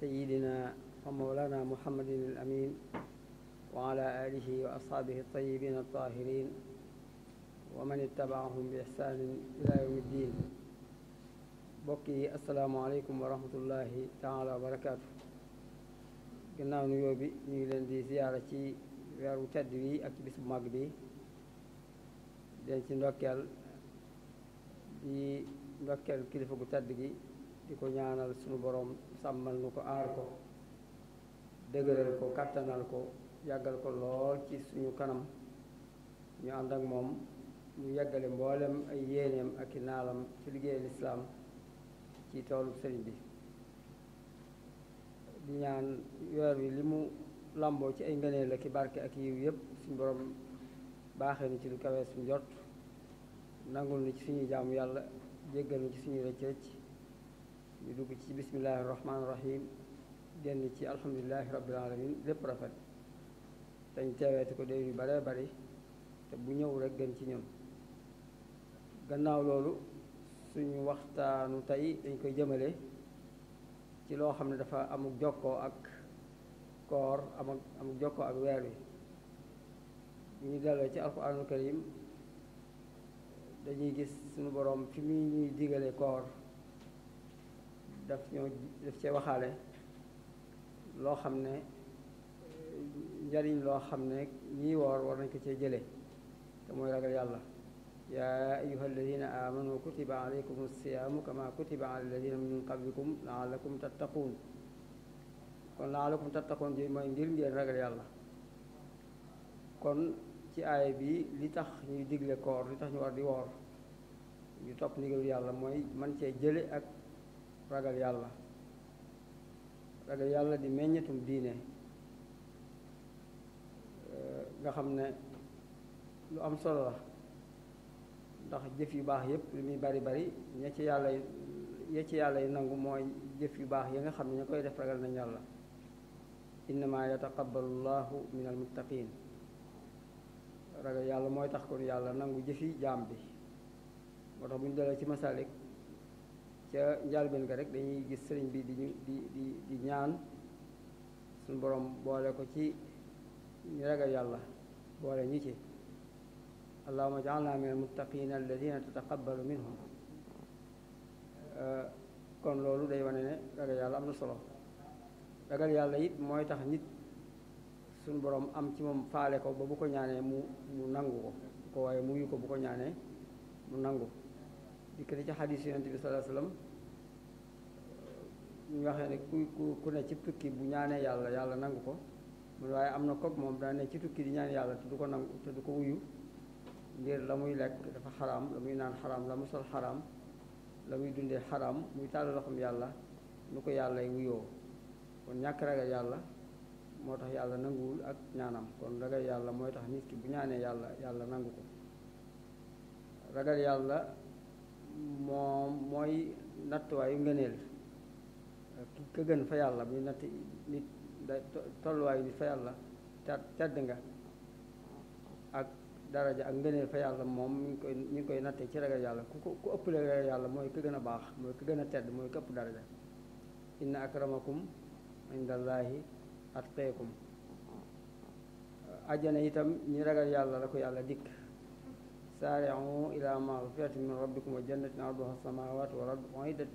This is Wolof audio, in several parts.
سيدنا ومولانا محمد الأمين وعلى آله وأصحابه الطيبين الطاهرين ومن اتبعهم بإحسان إلى يوم الدين بقي السلام عليكم ورحمة الله تعالى وبركاته كنا نيوب نيلن دي زيارتي ويرو تدوي أكي بس مقبي دين دي نوكال كلفة تدوي ديكو نيانا لسنو بروم sàmmal nu ko aar ko dëgëral ko kàttanal ko yàggal ko lool ci suñu kanam ñu ànd ak moom ñu yàggale mboolem ay yéeneem ak i naalam ci liggéey lislaam ci toolu sëriñ bi di ñaan weer wi li mu làmboo ci ay ngëneel ak i barke ak yiw yépp su borom baaxee na ci lu kawee suñu jot nangul na ci suñu jaamu yàlla jéggal na ci suñu rëcc rëcc ñu dugg ci bismillahi rahmaani rahim génn ci alhamdulilahi rabbil alamin lépp rafet dañ teeweeti ko déw yu baree bari te bu ñëw rek gën ci ñun gannaaw loolu suñu waxtaanu tey dañ koy jëmale ci loo xam ne dafa amuk jokkoo ak koor amuk amuk jokkoo ak weer wi ñu delloo ci alquranul karim dañuy gis sunu borom fi muy ñuy digale koor daf ñoo daf cee waxaale loo xam ne njariñ loo xam ne ñii woor war nañ ko cee jëlee te mooy ragal yàlla yaa ayuha alladina amanu kutiba alaykum alsiyaamu kama kutiba ala alladina min qablikum laalakum tattaquun kon laalakum tattaquun ji mooy ngir ngeen ragal yàlla kon ci aaya bi li tax ñuy digle koor li tax ñu war di woor ñu topp ndigalu yàlla mooy man cee jële ak ragal yalla ragal yalla di meññetum diine nga xam ne lu am solo la ndax jëf yu baax yépp lu muy bari bari ña ci yàlla ya ci yàlla yi nangu mooy jëf yu baax yi ya nga xam ne ña koy def ragal nañ yàlla innama yataqabbalu llahu min almuttaqin ragal yàlla mooy tax kon yàlla nangu jëfi jaam bi moo tax ci masalik ca njaalbeen ga rek dañuy gis sëriñ bi di ñu di di di ñaan suñ borom boole ko ci ñu ragal yàlla boole ñu ci allahuma jaalna min almuttaqina alladina tataqabalu minhum kon loolu day wane ne am na solo ragal yàlla yit mooy tax nit suñu borom am ci moom faale ko ba bu ko ñaanee mu mu nangu ko ko waaye mu ko bu ko ñaanee mu nangu dikkati ci xadis yonent bi sallallahu alayhi wasallam ñu waxee ne ku ku ku ne ci tukki bu ñaanee yàlla yàlla nangu ko mun waaye am na koog moom daa ne ci tukki di ñaan yàlla te du ko nangu te du ko wuyu ngir la muy lekk dafa xaraam la muy naan xaraam la mu sol xaraam la muy dundee xaraam muy tàll loxoom yàlla nu ko yàlla wuyoo kon ñàkk yàlla moo tax yàlla nanguwul ak ñaanam kon ragal yàlla mooy tax nit ki bu ñaanee yàlla yàlla nangu ko ragal yàlla moom mooy nattuwaayu ngëneel ki ka gën fa yàlla buy natt nit da tolluwaayu nit fa yàlla tedd nga ak daraja ak ngëneel fa yàlla moom mi ngi koy nattee ci ragal yàlla ku ku ëppale ragal yàlla mooy ki gën a baax mooy ki gën a tedd mooy ki ëpp daraja inna akramakum indallaahi atqeekum ajjana itam ñi ragal yàlla la ko yàlla dikk Sari amu ilama wafiya shi miroddi kuma janet naardu hasama awat wala du kongitet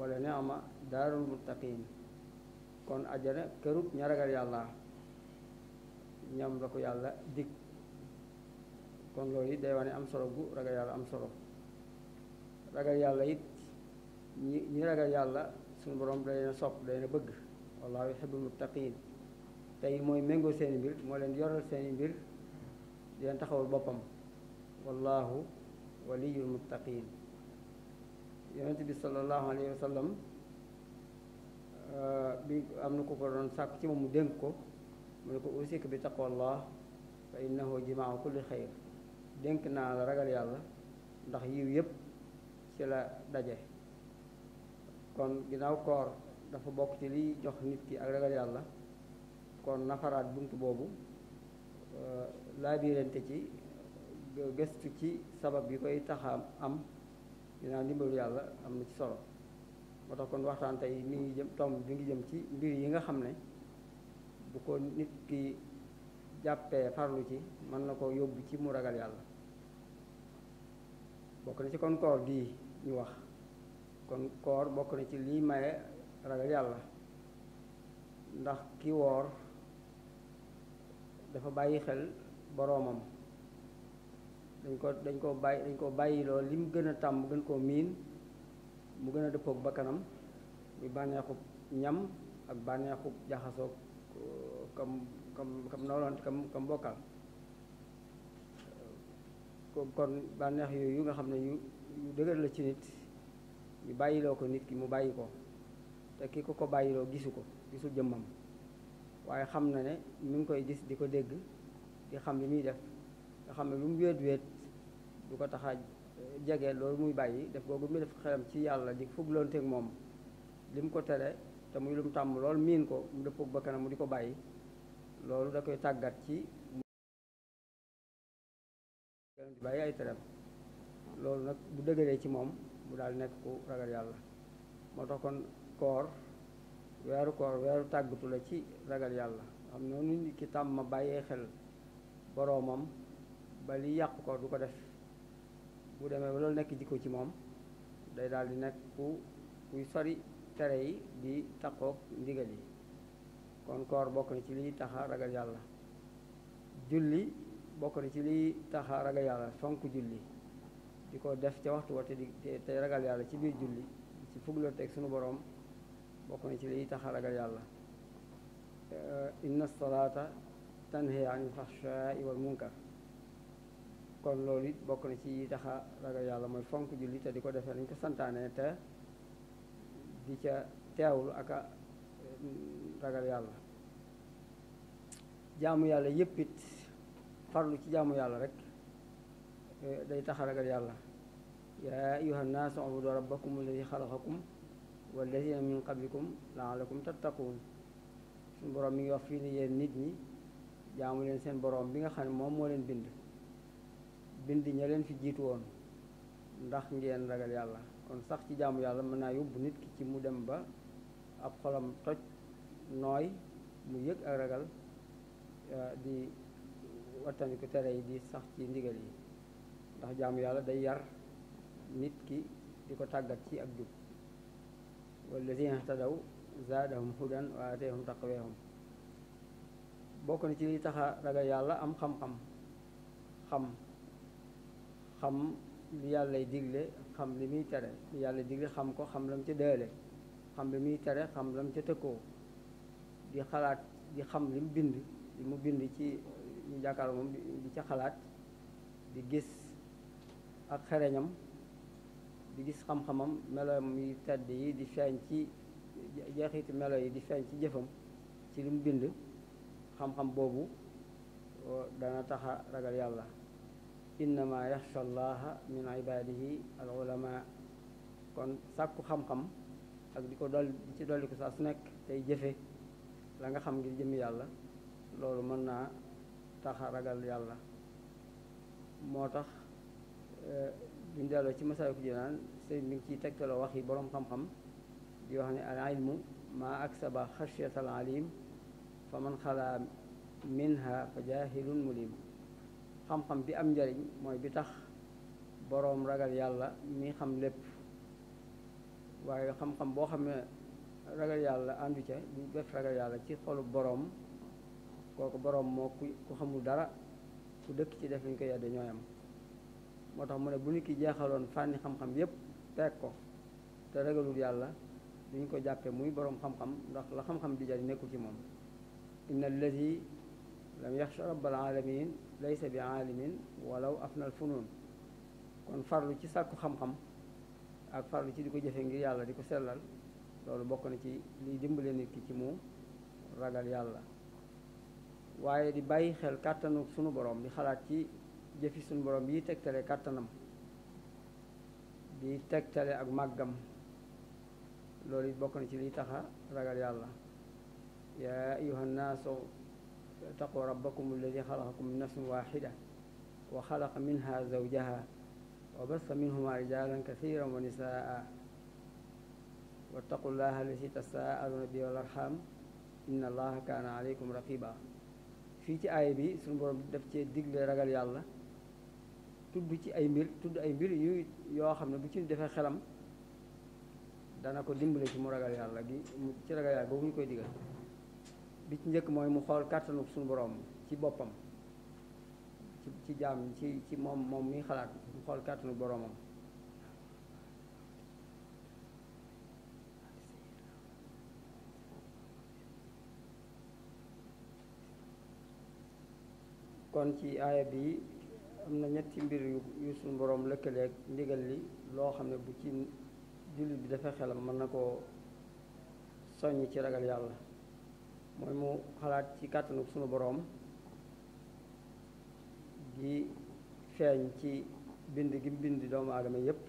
wala ni ama darun muttapiin, kon ajarnya kerup nyara gari allah, nyamduka ya ku yalla dik, kon gohi dewan am sorogu raga yalla ya am sorog, raga yalla ya it, nyira gari allah, sun boro mbla yalla sop bula yalla bugger, wala wahi habu muttapiin, tahi muimenggo seni bir, muilen dioror seni bir di leen babam, boppam wallahu waliyul muttaqin yonent eh, bi sallallahu alayhi wa sallam bi am na ko doon sàkk ci moom mu dénk ko mu ne ko usik bi taqwallah fa innahu kulli khair dénk na la ragal ndax yiw ci la kon ginnaaw koor dafa bokk ci liy jox nit ki ak ragal kon nafarat bunt bobu Euh, laabirante ci gëstu ci sabab yi koy taxaam am dinaa ndimbalu yàlla am na ci solo moo tax kon waxtaan tey mi ngi jëm tomb bi ngi jëm ci mbir yi nga xam ne bu ko nit ki jàppee farlu ci mën na ko yóbbu ci mu ragal yàlla bokk na ci kon koor gii ñu wax kon koor bokk na ci lii maye ragal yàlla ndax ki woor dafa bàyyi xel boroomam dañ ko dañ koo bàyyi dañ koo bàyyiloo li mu gën a tàmm gën koo miin mu gën a dëppoog bakkanam muy bànneexub ñam ak bànneexub jaxasoog uh, kam kam kam nooloon kam kam bokkal uh, kon bànneex yooyu nga xam ne yu yu dëgër la ci nit ñu bàyyiloo ko nit ki mu bàyyi ko te ki ko ko bàyyiloo gisu ko gisu jëmmam waaye xam na ne mi ngi koy gis di ko dégg di xam li muy def nga xam ne lu mu wéet wéet du ko tax jege loolu muy bàyyi def googu muy def xelam ci yàlla di fugloonteeg moom li mu ko te muy lu tàmm lool miin ko mu dëppoog ba kanam mu di ko bàyyi loolu da koy tàggat ci di bàyyi ay tereem loolu nag bu dëgëree ci moom mu daal nekk ku ragal yàlla moo tax kon koor weeru koor weeru tàggatu la ci ragal yàlla xam noonu nit ki tàmm ma bàyyee xel boroomam ba li yàq ko du ko def bu demee ba loolu nekk jikko ci moom day daal di nekk ku kuy sori tere yi di taqoog ndigal yi kon koor bokk na ci liy taxa ragal yàlla julli bokk na ci liy taxa ragal yàlla fonk julli di ko def ca waxtu wa te di te ragal yàlla ci biir julli ci fugloon teg sunu boroom bokk na ci liy tax a ragal yàlla inna salaata tanhi ani faxshaai wal munkar kon loolu it bokk na ci yi tax a ragal yàlla mooy fonk julli te di ko defee nañ ko santaane te di ca teewlu ak a ragal yàlla jaamu yàlla yépp it farlu ci jaamu yàlla rek day tax a ragal yàlla yaa ayuha nnaasu ubudu rabbakum alladi xalaqakum walladina min qablikum laalakum tattaquun suñu borom mi ngi wax fii ni yéen nit ñi jaamu leen seen borom bi nga xam ne moom moo leen bind bind ña leen fi jiitu woon ndax ngeen ragal yàlla kon sax ci jaamu yàlla mën naa yóbbu nit ki ci mu dem ba ab xolam toj nooy mu yëg ak ragal e, di wattandiku tere yi di sax ci ndigal yi ndax jaamu yàlla day yar nit di ko tàggat ci ak walladina ihtadaw zaadahum hudan wa aatayhum taqwahum bokk na ci liy taxa ragal yàlla am xam-xam xam xam yàllay digle xam li muy tere li yàlla digle xam ko xam lam ca dële xam li muy tere xam lam ca tëkkoo di xalaat di xam li mu bind li mu bind ci ñu jàkkaar moom di ca xalaat di gis ak xereñam di gis xam-xamam melo mi tedd yi di feeñ ci jeexiti melo yi di feeñ ci jëfam ci li bind xam-xam boobu dana taxa ragal yàlla innama yaxsha allaha min ibadihi al ulama kon sàkku xam-xam ak di ko dol di ci dolli ko saa su nekk tey jëfe la nga xam ngir jëmi yàlla loolu mën naa taxa ragal yàlla moo tax eh, buñ dalo ci masaayu ko jinaan sey bi ngi ciy tegtaloo waxi borom xam-xam di wax ni al ilmu ma aksaba xashyata al alim fa minha fajahilun hilun mulim xam-xam bi am jariñ moy bi tax borom ragal yalla mi xam lepp waye xam-xam bo xam ne ragal yalla andu ca du def ragal yalla ci xolu borom koku borom mo ku xamul dara ku dekk ci def ko yadd ñoyam motax tax mu ne bu nit ki jeexaloon fànni xam-xam yépp teg ko te ragalul yàlla duñ ko jàppe muy borom xam-xam ndax la xam-xam di jari nekku ci moom inna allazi lam yaxsha rabbal alamin laysa bi alimin walaw afna al funun kon farlu ci sàkku xam-xam ak farlu ci di ko jëfe ngir yàlla di ko sellal loolu bokk na ci li dimbale nit ki ci mu ragal yàlla waaye di bàyyi xel kàttanu sunu borom di xalaat ci jëfi sun borom yi tegtale kàttanam di tegtale ak màggam loolu it bokk na ci liy taxa ragal yàlla ya ayuha nnaasu taqu rabbakum alladi xalaqakum min nafsin waxida wa xalaqa minha zawjaha wa basa minhuma rijalan kathiran wa nisaa واتقوا الله الذي تساءلون به والارحام ان الله كان عليكم رقيبا في تي اي بي سون بروم داف تي ديغلي راغال ragal tudd ci ay mbir tudd ay mbir yu yoo xam ne bu ci defee xelam dana ko dimbale ci mu ragal yàlla gi ci ragal yàlla boobu ñu koy digal bi ci njëkk mooy mu xool kàttanu suñu borom ci boppam ci ci jaam ci ci moom moom muy xalaat mu xool kàttanu boromam kon ci aaya bi amna na ñetti mbir yu yu suñu borom ak ndigal li lo xamne bu ci jullit bi dafa xelam man nako soñ ci ragal yalla moy mu xalaat ci kàttanu suñu borom gi feñ ci bind gi bind doom adama yépp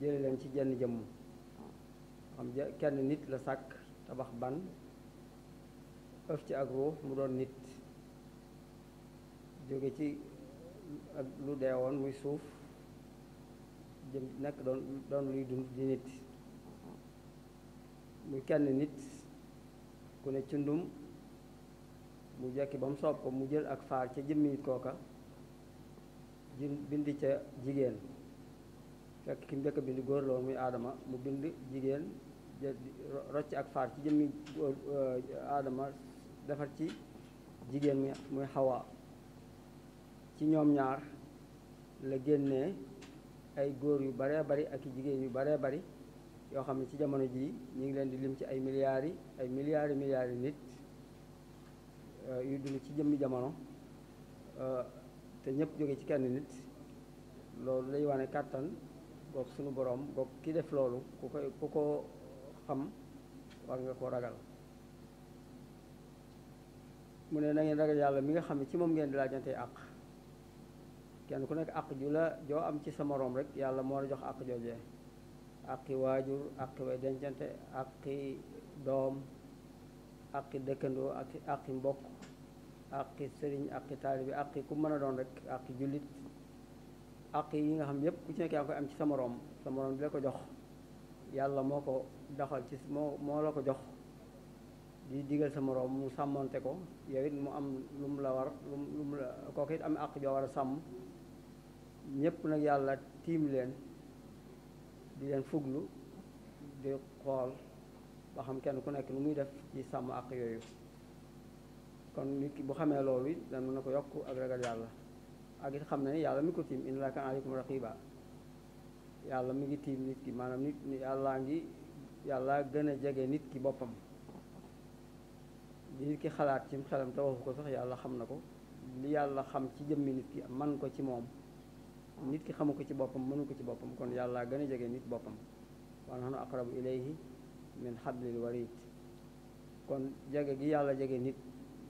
jël leen ci jenn jëm xam kenn nit la sàkk tabax ban ëf ci ak ruux mu doon nit jóge ci ak lu deewoon muy suuf jëm nekk doon doon luy dund di nit muy kenn nit ku ne cundum mu jekki ba mu soob ko mu jël ak faar ca jëmmi kooka kooka bind ca jigéen fekk ki njëkk bind góor muy aadama mu bind jigéen rocc ak faar ci jëmmi aadama euh, defar ci jigéen muy muy xawaa ci ñoom ñaar la génnee ay góor yu baree bari ak i jigéen yu baree bari yoo xam ne ci jamono ji ñu ngi leen di lim ci ay milliards yi ay milliards milliards yi nit euh, yu dund ci jëmmi jamono euh, te ñëpp jóge ci kenn nit loolu lay wane kàttan sunu borom goog ki def loolu ku koy ku ko xam war nga ko ragal mu ne na ngeen ragal yàlla mi nga xam ne ci moom ngeen di laajante àq kenn ku nekk àq ju la joo am ci sa moroom rek yàlla moo la jox àq joojee àqi waajur àqi way dencante àqi doom àqi dëkkandoo àqi àqi mbokk sëriñ àqi taalibi àqi ku mën a doon rek àqi jullit yi nga xam yépp ku ci nekk am ci sa moroom sa ko jox yàlla moo ko doxal ci moo moo la ko jox di digal sa moroom mu sàmmante ko yow it mu am lu mu la war lu mu la kooku it am àq joo war a sàmm ñëpp nag yàlla tiim leen di leen fuglu di xool ba xam kenn ku nekk lu muy def ci sàmm ak yooyu kon nit ki bu xamee loolu it dana na ko yokk ak ragal yàlla ak it xam ne yàlla mi ko tiim inna laaha kaana aleykum yàlla mu ngi tiim nit ki maanaam nit yàllaa ngi yàlla gën a jege nit ki boppam li ki xalaat ci xelam te waxu ko sax yàlla xam na ko li yàlla xam ci jëmmi nit ki man ko ci moom nit ki xamu ko ci boppam mënu ko ci boppam kon yàlla gën a jege nit boppam wa nahnu aqrabu ilayhi min hablil warid kon jege gi yàlla jege nit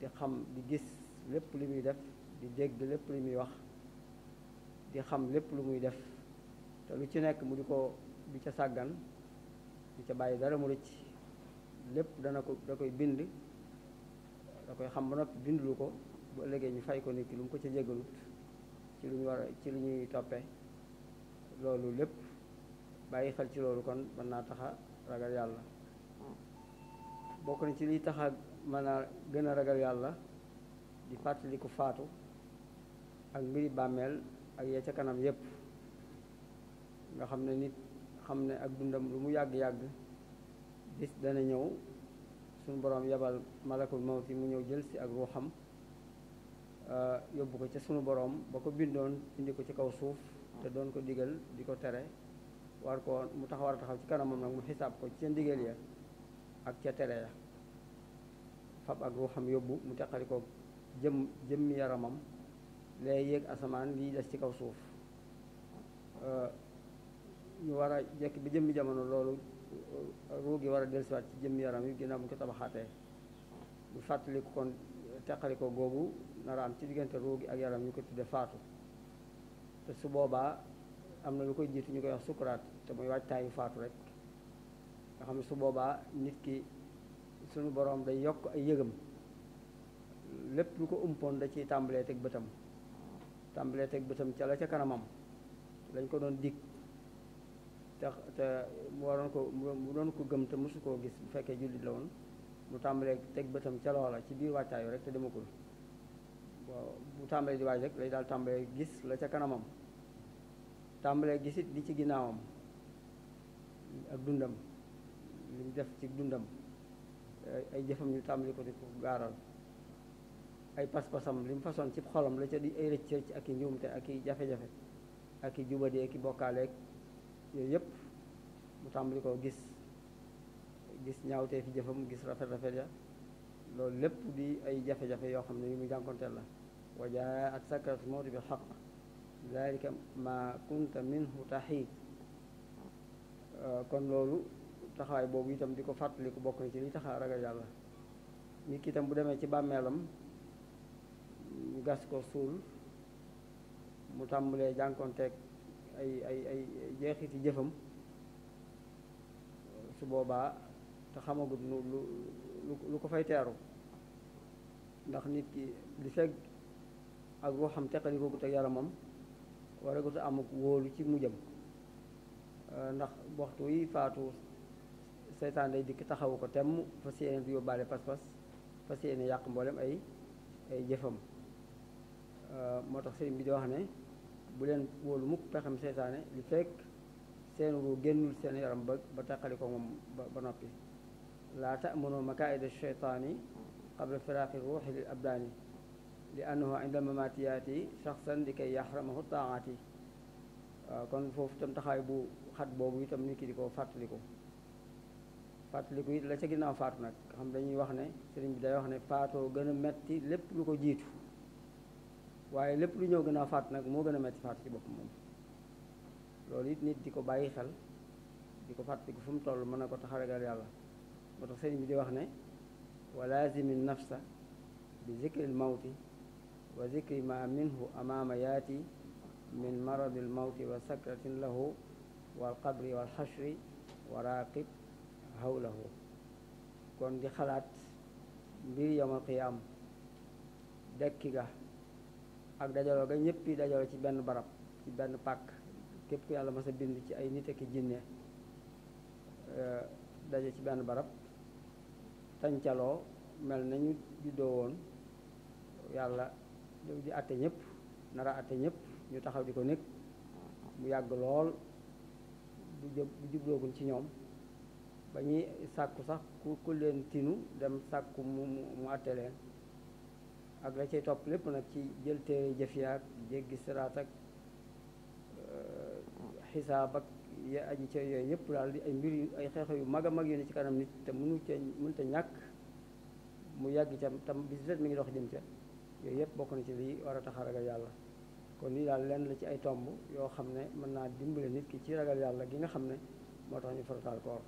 di xam di gis lépp li muy def di dégg lépp li muy wax di xam lépp lu muy def te lu ci nekk mu di ko du ca sàggan du ca bàyyi dara mu rëcc lépp dana ko da koy bind da koy xam ba noppi bindulu ko bu ëllëgee ñu fay ko nit ki lu mu ko ca jégalut ci lu ñu lu ñuy toppe loolu lépp bàyyi xel ci loolu kon mën naa taxa ragal yàlla bokk na ci liy taxa mën a gën a ragal yàlla di fàttaliku faatu ak mbiri bàmmeel ak yee ca kanam yépp nga xam ne nit xam ne ak dundam lu mu yàgg-yàgg bis dana ñëw suñu borom yebal malakul mawti mu ñëw jël si ak ruuxam Euh, yóbbu ko ca sunu boroom ba ko bindoon indi ko ci kaw suuf te doon ko digal di ko tere war ko mu taxawar a taxaw ci kanamam nag mu xisaab ko ci ndigal ya ak ca tere ya fab ak ruuxam yóbbu mu teqali ko jëm jëmmi yaramam lay yéeg asamaan lii des ci kaw suuf euh, ñu war a jekk bi jëmmi jamono loolu euh, ruu gi war a dellusiwaat ci jëmmi yaram yi ginnaaw bu ñu ko tabaxaatee fàttaliku kon teqaliko googu nara ci diggante ruu gi ak yaram ñu ko tuddee faatu te su boobaa am na lu koy jiitu ñu koy wax sukuraat te muy waajtaayu faatu rek nga xam ne su boobaa nit ki suñu boroom day yokk ay yëgam lépp lu ko umpoon da ciy tàmbalee teg bëtam tàmbalee teg bëtam ca la ca kanamam lañ ko doon dikk te te mu waroon ko mu doon ko gëm te mosu koo gis bu fekkee jullit la woon mu tàmbalee teg bëtam ca loola ci biir wàccaayu rek te demagul bu tàmbalee di waaj rek lay daal tàmbalee gis la ca kanamam tàmbalee gisit li ci ginnaawam ak dundam li def ci dundam ay jëfam ñu tàmbali ko di ko gaaral ay pas-pasam li mu façon ci xolam la ca di ay rëcc ak i njuumte ak i jafe-jafe ak i jubadi ak i bokkaale yooyu yëpp mu tàmbali koo gis gis ñaawtee fi jëfam gis rafet rafet ya loolu lépp di ay jafe-jafe yoo xam ne yu mu jànkonteel la wa jaat sakratu mawti bil xaq dalika ma kunta minhu taxiit kon loolu taxawaay boobu itam di ko fàttaliku bokk na ci li taxa ragal yàlla nit itam bu demee ci bàmmeelam ñu gas ko suul mu tàmbalee jànkonteeg ay ay ay jeexiti jëfam su boobaa te xamagut lu lu lu ko fay teeru ndax nit ki li fekk ak boo xam teqali ko ak yaramam war a am ak wóolu ci mu jëm euh, ndax waxtu yi faatu seytaan day dikk taxawu ko temm fas yéene du yóbbaale pas-pas fas yéene yàq mboolem ay ay jëfam euh, moo tax sëriñ bi di wax ne bu leen wóolu mukk pexem seytaane li fekk seen ru génnul seen yaram ba ba taqali ko moom ba noppi لا تأمنوا مكائد الشيطان قبل فراق الروح للأبدان لأنه عندما مات يأتي شخصا لكي يحرمه الطاعات آه، كون فوف تم تخايبو خط بوبو تم نيكي ديكو فات ديكو فات ديكو لا تي غيناو فات نك خام داني واخ ني سيرين بي داي واخ ني فاتو غنا متي لپ لوكو جيتو واي لپ لو نيو غنا فات نك مو غنا متي فات سي بوب موم لوليت نيت ديكو باي خال ديكو فات ديكو فوم تول مانا كو تخارغال يالا moo tax sëriñ bi di wax ne wa laazimi nafsa bi zikri l mawti wa zikri ma minhu amaama yaati min maradi l mawti wa sakratin lahu wal qabri wal xashri wa raaqib hawlahu kon di xalaat mbir yawmal qiyaam dekki ga ak dajaloo ga ñëpp yi dajaloo ci benn barab ci benn pàkk képp ku yàlla mas a bind ci ay nit ak jinne daje ci benn barab sancaloo mel nañu juddoo woon yàlla di atte ñëpp nar a atte ñëpp ñu taxaw di ko nekk mu yàgg lool bu jë bu ci ñoom ba ñuy sàkku sax ku ku leen tinu dem sàkku mu mu atte leen ak la cay topp lépp nag ci jël téere jëf yaak jéggi siraat ak euh, xisaab ak ya aji ca yooyu yëpp daal di ay mbir yu ay xeexoo yu mag a mag yu ne ci kanam nit te mënu ca mënuta ñàkk mu yàgg ca tam bis mi ngi dox jëm ca yooyu yëpp bokk na ci lii war a tax a ragal yàlla kon lii daal lenn la ci ay tomb yoo xam ne mën naa dimbale nit ki ci ragal yàlla gi nga xam ne moo tax ñu farataal koor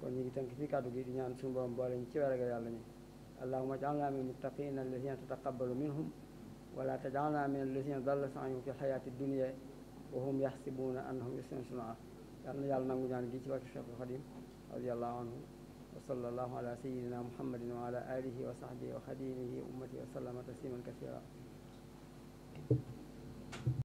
kon ñu ngi tënk fii kàddu gi di ñaan suñu borom boole ñu ci ragal yàlla ñi allahumma ij'alna min muttaqina alladhina tataqabbalu minhum wala taj'alna min alladhina dalla sa'yuhum fi hayati dunya wa hum yahsibuna annahum yuhsinuna sun'a yal na yàlla nangu ñaan gi ci wàccu Cheikhul Khadim radiallahu anhu wa sallallahu ala sayidina muhammadin wa ala alihi wa sahbihi wa xadimihi ummati wa sallama tasliman kasira